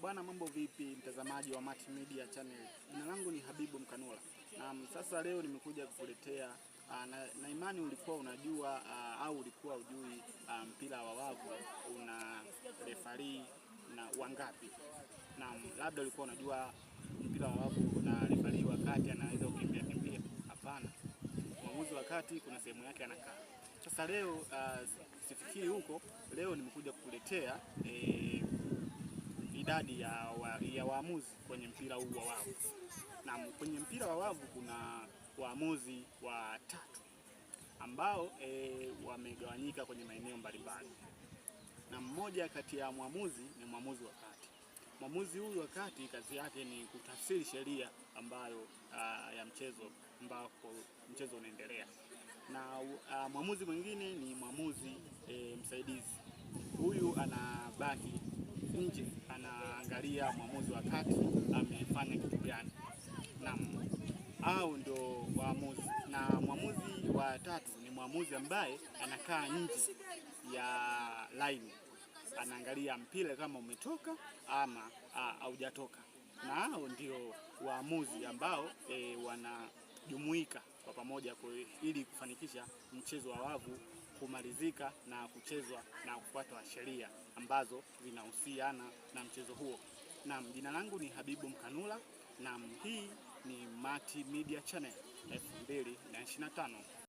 bwana mambo vipi mtazamaji wa Mati Media Channel. Jina langu ni Habibu Mkanula. Naam, sasa leo nimekuja kukuletea ah, na, na imani ulikuwa unajua ah, au ulikuwa ujui ah, mpira wa wavu una refari na wangapi? Naam, labda ulikuwa unajua mpira wa wavu una refari wakati anaweza kukimbia kimbia. Hapana. Mwamuzi wakati kuna sehemu yake anakaa. Sasa leo sifikiri huko, leo nimekuja kukuletea e, idadi ya, wa, ya waamuzi kwenye mpira huu wa wavu, na kwenye mpira wa wavu kuna waamuzi watatu ambao e, wamegawanyika kwenye maeneo mbalimbali, na mmoja kati ya mwamuzi ni mwamuzi wa kati. Mwamuzi huyu wa kati kazi yake ni kutafsiri sheria ambayo a, ya mchezo ambako mchezo unaendelea, na a, mwamuzi mwingine ni mwamuzi e, msaidizi. Huyu anabaki nje anaangalia mwamuzi wa kati amefanya kitu gani, naam, au ndo waamuzi. Na mwamuzi wa tatu ni mwamuzi ambaye anakaa nje ya laini, anaangalia mpira kama umetoka ama haujatoka, na hao ndio waamuzi ambao e, wana jumuika kwa pamoja ili kufanikisha mchezo wa wavu kumalizika na kuchezwa na kufuatwa sheria ambazo zinahusiana na mchezo huo. Naam, jina langu ni Habibu Mkanula. na hii ni Mati Media Channel 2025.